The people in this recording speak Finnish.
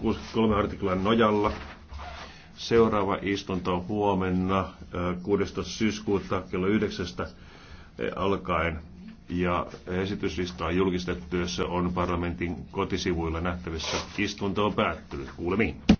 63 artiklan nojalla. Seuraava istunto on huomenna 16. syyskuuta kello 9 alkaen. Ja esityslista on julkistettu, se on parlamentin kotisivuilla nähtävissä. Istunto on päättynyt. Kuulemiin.